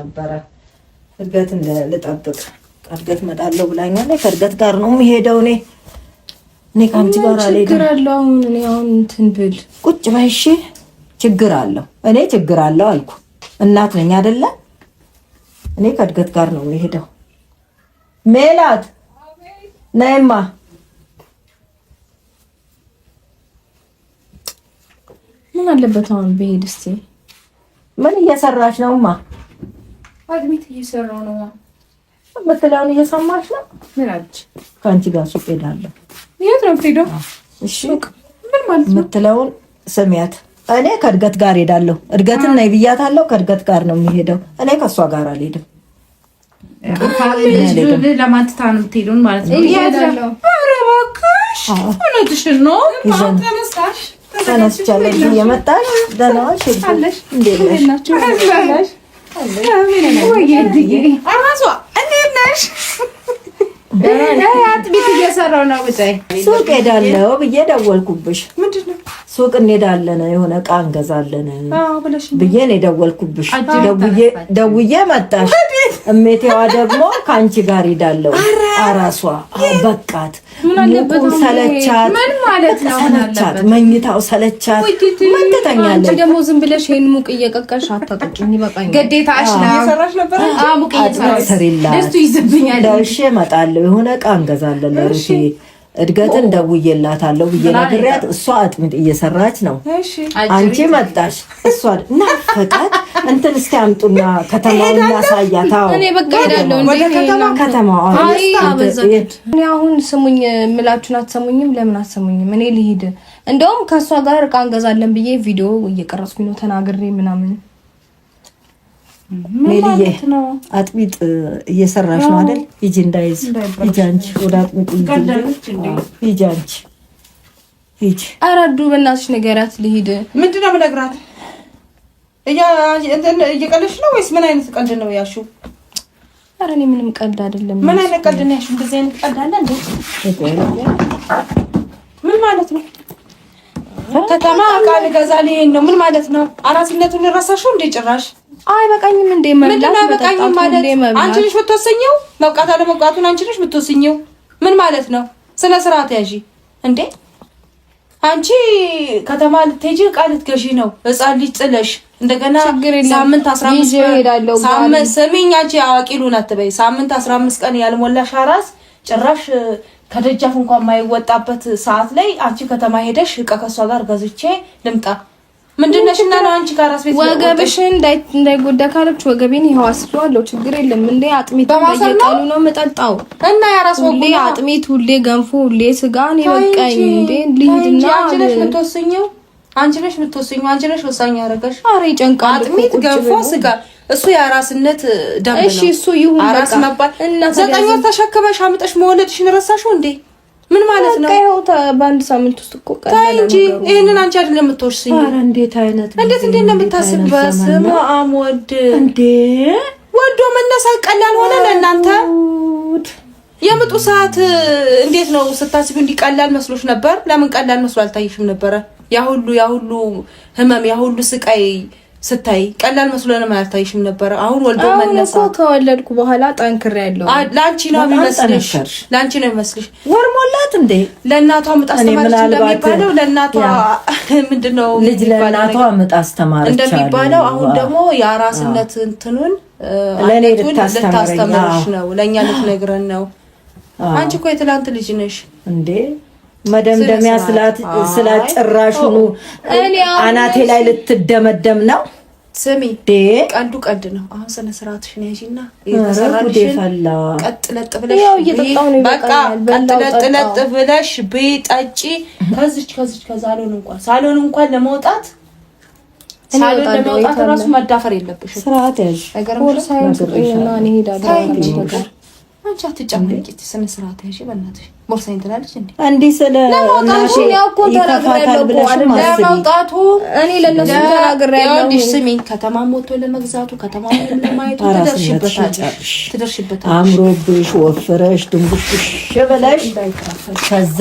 ነበረ እድገት ልጠብቅ ከእድገት እመጣለሁ ላይ ከእድገት ጋር ነው የምሄደው። እኔ እኔ ከአንቺ ጋር አልሄድም። ቁጭ በይ እሺ። ችግር አለው እኔ ችግር አለው አልኩ። እናት ነኝ አይደለ? እኔ ከእድገት ጋር ነው የሚሄደው ሜላት ነይማ ምን አለበት አሁን ብሄድ። እስኪ ምን እየሰራች ነውማ አድሚት እየሰራሁ ነው የምትለውን እየሰማች ነው። ምን አለች? ከአንቺ ጋር ሱቅ ሄዳለሁ። የት ነው እሺ ምን ማለት ነው የምትለውን ስሚያት። እኔ ከእድገት ጋር ሄዳለሁ። እድገትን ነይ ብያታለሁ። ከእድገት ጋር ነው የሚሄደው። እኔ ከእሷ ጋር አልሄድም። ለማን ነው የምትሄደውን ማለት ነው? ነው። አጥቢት እየሰራሁ ነው። ሱቅ ሄዳለው ብዬ ደወልኩብሽ። ሱቅ እንሄዳለን የሆነ እቃ እንገዛለን ብዬ ነው የደወልኩብሽ። ደውዬ መጣሽ። እሜቴዋ ደግሞ ከአንቺ ጋር ሄዳለው አራሷ በቃት ሙቁ ሰለቻት፣ ሰለቻት፣ መኝታው ሰለቻት። መተተኛለች ደግሞ ዝም ብለሽ ይሄን ሙቅ እየቀቀልሽ አታጠጭኝ። ይበቃኛል። ግዴታሽ ነው። እየሰራሽ ነበር። አዎ ሙቅ እየሰራሽ ደስቱ ይዝብኛል። እሺ እመጣለሁ። የሆነ ዕቃ እንገዛለን ለሩቴ እድገትን ደውዬላታለሁ ብዬ ነግሬያት፣ እሷ አጥሚት እየሰራች ነው። አንቺ መጣሽ፣ እሷ ፈቃድ እንትን እስቲ አምጡና ከተማውን ያሳያት። ከተማ እኔ አሁን ስሙኝ ምላችሁን አትሰሙኝም። ለምን አትሰሙኝም? እኔ ልሂድ። እንደውም ከእሷ ጋር እቃ እንገዛለን ብዬ ቪዲዮ እየቀረጽኩኝ ነው ተናግሬ ምናምን ሜልዬ አጥቢጥ እየሰራሽ ነው አይደል? ሂጂ እንዳይዝ ሂጂ አንቺ ወደ አጥቢጥ ሂጂ አንቺ ሂጂ። ኧረ ዱ በእናትሽ ንገሪያት ልሂድ። ምንድን ነው የምነግራት? እየቀለድሽ ነው ወይስ ምን አይነት ቀልድ ነው ያልሺው? ኧረ እኔ ምንም ቀልድ አይደለም። ምን አይነት ቀልድ ነው ያልሺው? እንደዚህ አይነት ቀልድ አለ እንዴ? ምን ማለት ነው? ከተማ ቃል ገዛ ልሄድ ነው። ምን ማለት ነው? አራስነቱን እረሳሽው እንዴ ጭራሽ አይ በቃኝም እንደ መብላት በቃኝም ማለት አንቺ ነሽ የምትወሰኘው። መብቃት አለመብቃቱን አንቺ ነሽ የምትወሰኘው። ምን ማለት ነው? ስነ ስርዓት ያዢ እንዴ! አንቺ ከተማ ልትሄጂ ዕቃ ልትገዢ ነው ሕፃን ልጅ ጥለሽ እንደገና ሳምንት 15 ቀን ሳምንት ስሚኝ፣ አንቺ አዋቂ ሉን አትበይ። ሳምንት 15 ቀን ያልሞላሽ አራስ ጭራሽ ከደጃፍ እንኳን የማይወጣበት ሰዓት ላይ አንቺ ከተማ ሄደሽ ዕቃ ከሷ ጋር ገዝቼ ልምጣ ምንድነሽና ነው አንቺ ካራስ ቤት ወገብሽን እንዳይጎዳ ካለች ወገቤን ይኸው አስሯለሁ። ችግር የለም እንዴ አጥሚት በየቀኑ ነው የምጠጣው እና ያራስ ወጉ ሁሌ አጥሚት፣ ሁሌ ገንፎ፣ ሁሌ ስጋ ነው በቃኝ። እንዴ ልሂድና አንቺ ነሽ የምትወስኚው፣ አንቺ ነሽ የምትወስኚው፣ አንቺ ነሽ ወሳኝ ያደረገሽ። ኧረ ይጨንቃል። አጥሚት፣ ገንፎ፣ ስጋ እሱ የአራስነት ደንብ ነው። እሺ እሱ ይሁን አራስ መባል። እና ዘጠኝ ወር ተሸክመሽ አምጠሽ መወለድሽን ረሳሽው እንዴ? ምን ማለት ነው? ይኸው በአንድ ሳምንት ውስጥ እኮ ታይ እንጂ ይሄንን አንቺ አይደለም የምትወርሽኝ። እንዴት አይነት እንዴት እንዴት ነው የምታስበት? ወድ እንዴ ወዶ መነሳት ቀላል ሆነ ለእናንተ? የምጡ ሰዓት እንዴት ነው ስታስቢ? እንዲቀላል መስሎሽ ነበር? ለምን ቀላል መስሎ አልታይሽም ነበረ? ያ ሁሉ ያ ሁሉ ህመም ያ ሁሉ ስቃይ ስታይ ቀላል መስሎ ለምን አልታይሽም ነበረ? አሁን ወልዶ መነሳ እኮ ከወለድኩ በኋላ ጠንክር ያለው ላንቺ ነው የሚመስልሽ፣ ላንቺ ነው የሚመስልሽ። ወር ሞላት እንዴ? ለእናቷ ምጥ አስተማረች እንደሚባለው ለእናቷ ምንድን ነው ልጅ ለእናቷ ምጥ አስተማረች እንደሚባለው፣ አሁን ደግሞ የአራስነት እንትኑን ለእኔ ልታስተምርሽ ነው፣ ለእኛ ልትነግረን ነው። አንቺ እኮ የትላንት ልጅ ነሽ እንዴ? መደምደሚያ ስላጨራሹኑ አናቴ ላይ ልትደመደም ነው። ስሚ ቀልዱ ቀልድ ነው። አሁን ስነ ስርዓትሽን ያዥና ቀጥ ለጥ ብለሽ ብይ፣ ጠጪ። ከዚች ከዚች ከሳሎን እንኳን ሳሎን እንኳን ለመውጣት ሳሎን ለመውጣት ራሱ መዳፈር የለብሽም። ስርዓት ያዥ ነገር አንቺ አትጨማቂ፣ ስነ ስርዓት በእናትሽ እንዴ! ስለ ለማውጣቱ ያው እኮ ለማውጣቱ እኔ ለነሱ ተናግሬያለሁ። ለመግዛቱ ከተማም ለማየቱ ትደርሽበታለሽ፣ ትደርሽበታለሽ። አምሮብሽ፣ ወፍረሽ፣ ድንቡሽሽ ብለሽ ከዛ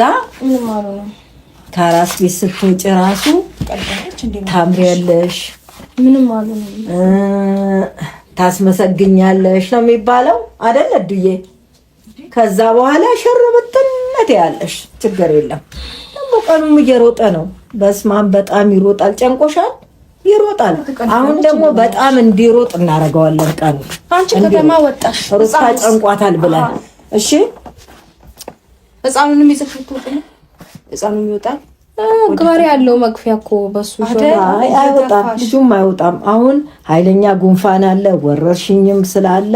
ከአራስ ቤት ስትወጪ ራሱ ታምሪያለሽ። ምንም አሉ ታስመሰግኛለሽ ነው የሚባለው አደለ እድዬ? ከዛ በኋላ ሽር ብትነት ያለሽ ችግር የለም። ደግሞ ቀኑም እየሮጠ ነው። በስማም በጣም ይሮጣል። ጨንቆሻል፣ ይሮጣል። አሁን ደግሞ በጣም እንዲሮጥ እናደርገዋለን። ቀኑ አንቺ ከተማ ወጣሽ ሩታ ጨንቋታል ብለን እሺ፣ ህፃኑንም ይዘሽ ትወጥ ነው ህፃኑም ይወጣል ጋሪ ያለው መግፊያ እኮ በሱ አይወጣም፣ ልጁም አይወጣም። አሁን ኃይለኛ ጉንፋን አለ፣ ወረርሽኝም ስላለ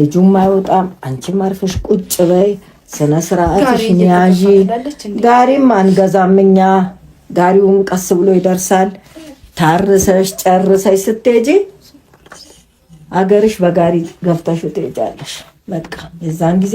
ልጁም አይወጣም። አንቺም አርፈሽ ቁጭ በይ፣ ስነ ስርዓትሽ ያዢ። ጋሪም አንገዛም እኛ። ጋሪውም ቀስ ብሎ ይደርሳል። ታርሰሽ ጨርሰሽ ስትሄጂ አገርሽ በጋሪ ገፍተሽ ትሄጃለሽ። በቃ የዛን ጊዜ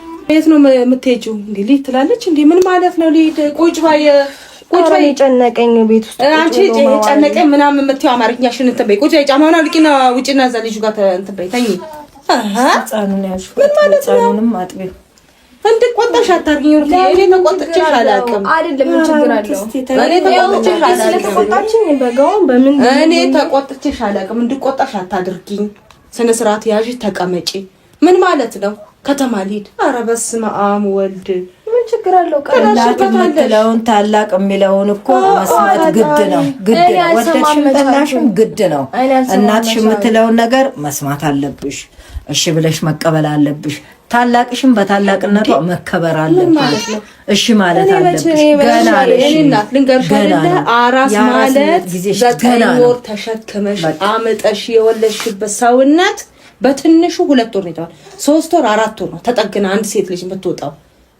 የት ነው የምትሄጂው? እንዴ ልሂድ ትላለች። እንዴ ምን ማለት ነው ልሂድ? ቁጭ ባይ ቁጭ የጨነቀኝ ቤት ውስጥ አንቺ የጨነቀኝ ምናምን የምትይው አማርኛሽን እንትን በይ። ቁጭ ባይ ጫማውን አውልቂና ውጭና እዛ ልጁ ጋር እንትን በይ ተኝ። ምን ማለት ነው? አታርጊኝ። እኔ ተቆጥቼ አላውቅም። አይደለም ምን ችግር አለው? እኔ ተቆጥቼ አላውቅም። እንድቆጣሽ አታድርጊኝ። ስነ ስርዓት ያዥ፣ ተቀመጪ። ምን ማለት ነው? ከተማ ልሂድ። ኧረ በስመ አብ ወልድ ምን ችግር አለው? ቀላል የምትለውን ታላቅ የሚለውን እኮ መስማት ግድ ነው፣ ግድ ነው። ወደድሽም ጠላሽም ግድ ነው። እናትሽ የምትለውን ነገር መስማት አለብሽ። እሺ ብለሽ መቀበል አለብሽ። ታላቅሽም በታላቅነቷ መከበር አለብሽ። እሺ ማለት አለብሽ። ገና ልንገርሽ አይደለ አራስ ማለት ዘጠኝ ወር ተሸክመሽ አመጠሽ የወለድሽበት ሰውነት በትንሹ ሁለት ወር ነው ሶስት ወር አራት ወር ነው ተጠግና አንድ ሴት ልጅ የምትወጣው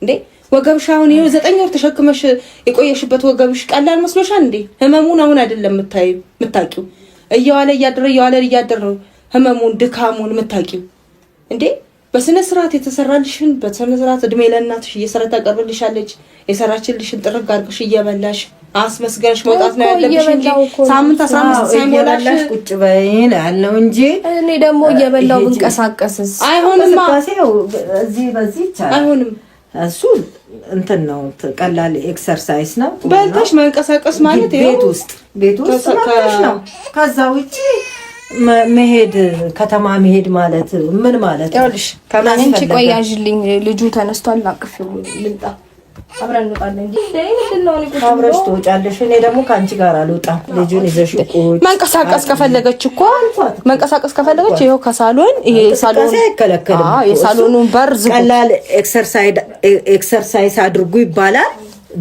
እንዴ። ወገብሽ አሁን ይሄው ዘጠኝ ወር ተሸክመሽ የቆየሽበት ወገብሽ ቀላል መስሎሻል እንዴ? ህመሙን አሁን አይደለም የምታዩ የምታውቂው እየዋለ እያደረ እየዋለ እያደረ ህመሙን ድካሙን የምታውቂው እንዴ። በስነ ስርዓት የተሰራልሽን በስነ ስርዓት እድሜ ለእናትሽ እየሰራ ታቀርብልሻለች። የሰራችልሽን ጥርግ አድርግሽ እየበላሽ አስመስገንሽ መውጣት ነው ያለብሽ እንጂ ሳምንት አስራ አምስት ሳይሞላሽ ቁጭ በይ ነው እንጂ እኔ ደግሞ እየበላሁ ብንቀሳቀስ አይሆንም። እዚህ በዚህ ይቻላል። አይሆንም። እሱ እንትን ነው ቀላል ኤክሰርሳይዝ ነው። በልተሽ መንቀሳቀስ ማለት ቤት ውስጥ ቤት ውስጥ ነው። ከዛ ውጪ መሄድ ከተማ መሄድ ማለት ምን ማለት ነው? ይኸውልሽ፣ ከማንም ቆይ ልጁ ተነስቷል። አቅፌው ልምጣ አብረን እንወጣለን እንጂ አብረሽ ትወጫለሽ። እኔ ደግሞ ከአንቺ ጋር አልወጣም። ልጁን ይዘሽ መንቀሳቀስ ከፈለገች እኮ መንቀሳቀስ ከፈለገች ይኸው ከሳሎን ይሄ ሳሎን አይከለከልም። የሳሎኑን በር ቀላል ኤክሰርሳይዝ አድርጉ ይባላል።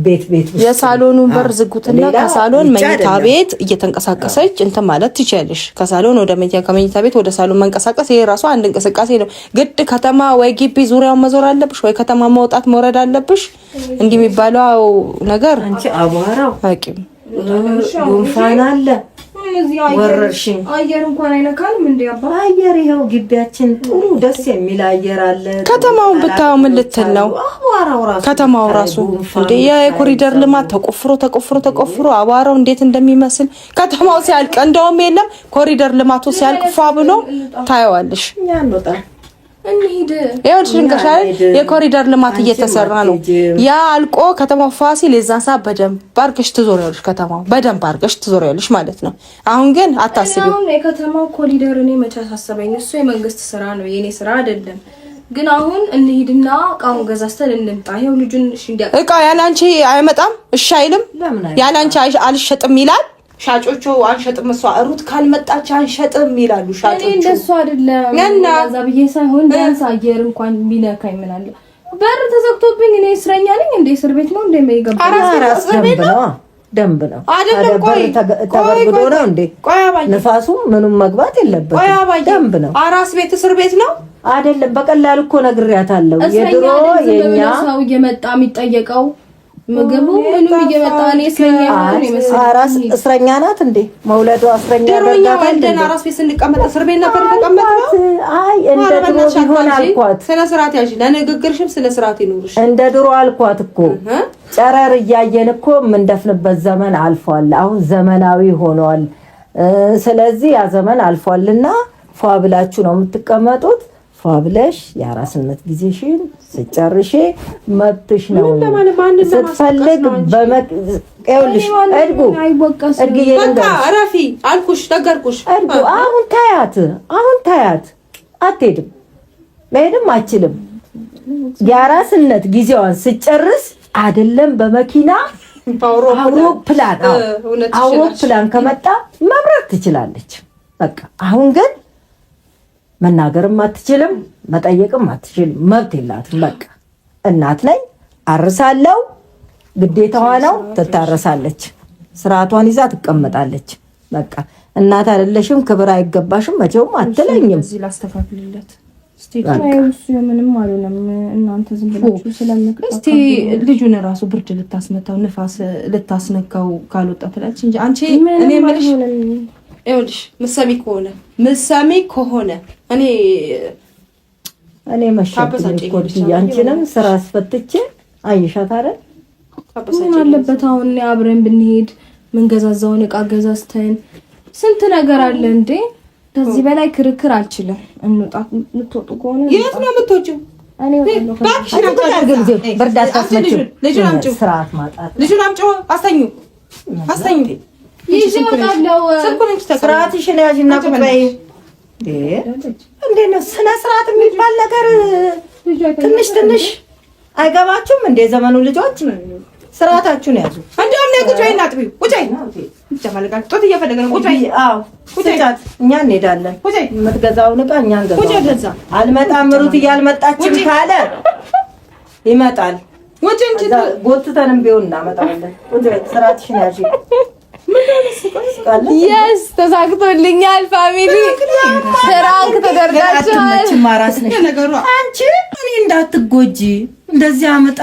ቤት ቤት የሳሎኑን በር ዝጉትና ከሳሎን መኝታ ቤት እየተንቀሳቀሰች እንትን ማለት ትችያለሽ። ከሳሎን ወደ መኝታ ከመኝታ ቤት ወደ ሳሎን መንቀሳቀስ ይሄ ራሱ አንድ እንቅስቃሴ ነው። ግድ ከተማ ወይ ግቢ ዙሪያውን መዞር አለብሽ ወይ ከተማ መውጣት መውረድ አለብሽ። እንዲህ የሚባለው ነገር አንቺ አቧራው አቂም ጉንፋን አለ ወረርሽኝ አየር እንኳን አይነካልም። እንደ አየር ይኸው ግቢያችን ጥሩ ደስ የሚል አየር አለ። ከተማውን ብታየው ምን ልትል ነው? ከተማው ራሱ እንደ የኮሪደር ልማት ተቆፍሮ ተቆፍሮ ተቆፍሮ አቧራው እንዴት እንደሚመስል ከተማው ሲያልቅ እንደውም የለም ኮሪደር ልማቱ ሲያልቅ ፏ ብሎ ታየዋለሽ። ይኸውልሽ ድንገሻል የኮሪደር ልማት እየተሰራ ነው። ያ አልቆ ከተማው ፋሲል የዛን ሰዓት በደንብ አድርገሽ ትዞሪያለሽ። ከተማው በደንብ አድርገሽ ትዞሪያለሽ ማለት ነው። አሁን ግን አታስቢ። የከተማው ኮሪደር እኔ መቼ አሳሰበኝ? እሱ የመንግስት ስራ ነው፣ የእኔ ስራ አይደለም። ግን አሁን እንሂድና እቃውን ገዛዝተን እንምጣ። ይኸው ልጁን እሺ፣ እንዲያ እቃ ያላንቺ አይመጣም፣ እሺ አይልም። ያላንቺ አልሸጥም ይላል ሻጮቹ አንሸጥም፣ እሷ ሩት ካልመጣች አንሸጥም ይላሉ ሻጮቹ። እኔ እንደሱ አይደለም እዛ ብዬ ሳይሆን ቢያንስ አየር እንኳን ቢነካኝ ምን አለ። በር ተዘግቶብኝ እኔ እስረኛ ነኝ እንዴ? እስር ቤት ነው እንደ የማይገባ እስር ቤት ነው ደንብ ነው አይደለም። ቆይ ተበርግዶ ነው እንዴ? ቆይ አባዬ፣ ንፋሱ ምኑም መግባት የለበትም። ቆይ አባዬ፣ ደንብ ነው። አራስ ቤት እስር ቤት ነው አይደለም። በቀላል እኮ ነግሬያታለሁ። የድሮ የኛ ሰው እየመጣ የሚጠየቀው ምግቡ ምንም እየመጣ እኔ እስረኛ አራስ እስረኛ ናት እንዴ? መውለዷ እስረኛ ደሮኛ ወልደን አራስ ቤት ስንቀመጥ እስር ቤት ነበር የተቀመጥነው። አልኳት። ስነ ስርዓት ያዥ፣ ለንግግርሽም ስነ ስርዓት ይኑርሽ። እንደ ድሮ አልኳት እኮ ጨረር እያየን እኮ የምንደፍንበት ዘመን አልፏል። አሁን ዘመናዊ ሆኗል። ስለዚህ ያ ዘመን አልፏልና ፏ ብላችሁ ነው የምትቀመጡት። ፏብለሽ የአራስነት ጊዜሽን ስጨርሼ መብትሽ ነው። ስትፈልግ ይኸውልሽ እድጉ እረፊ አልኩሽ፣ ነገርኩሽ። እድጉ አሁን ታያት፣ አሁን ታያት። አትሄድም፣ መሄድም አችልም። የአራስነት ጊዜዋን ስጨርስ አይደለም በመኪና አውሮፕላን አውሮፕላን ከመጣ መብራት ትችላለች። በቃ አሁን ግን መናገርም አትችልም፣ መጠየቅም አትችልም። መብት የላትም። በቃ እናት ነኝ አርሳለው ግዴታዋ ነው። ትታረሳለች፣ ስርዓቷን ይዛ ትቀመጣለች። በቃ እናት አይደለሽም፣ ክብር አይገባሽም፣ መቼውም አትለኝም። ምንም ልጁን ራሱ ብርድ ልታስመታው ንፋስ ልታስነካው ካልወጣ ትላለች እንጂ አንቺ እኔ የምልሽ ይኸውልሽ ምሰሚ ከሆነ ምሰሚ ከሆነ እኔ እኔ መሻትኝ አንቺንም ስራ አስፈትቼ አይሻት አይደል? ምን አለበት አሁን አብረን ብንሄድ ምንገዛዛውን እቃ ገዛዝተን ስንት ነገር አለ እንዴ። ከዚህ በላይ ክርክር አልችልም። እንውጣ። የምትወጡ ከሆነ የት ነው የምትወጪው? ስርዓት ማጣት። ልጁን አምጪው፣ አስተኙ፣ አስተኙ። ስርዓትሽን ያዥ እና ቁጭ በይ እንዴት ነው ስነ ስርዓት የሚባል ነገር? ትንሽ ትንሽ አይገባችሁም እንዴ? ዘመኑ ልጆች ስርዓታችሁን ያዙ። እንደውም ነይ ቁጭ በይ አጥቢው። ቁጭ በይ ጡት እየፈለገ ነው። ቁጭ በይ። አዎ ቁጭ በይ። እኛ እንሄዳለን። የምትገዛውን ዕቃ እኛ እንገዛው። አልመጣም ሩት እያልመጣችም ካለ ይመጣል። ጎትተንም ቢሆን እናመጣለን። ቁጭ በይ። ስርዓትሽን ያዢ የስ ተሳክቶልኛል። ፋሚሊ ፍራንክ ተደርጋችኋል። ነገሩ አንቺ እኔ እንዳትጎጂ እንደዚህ አመጣ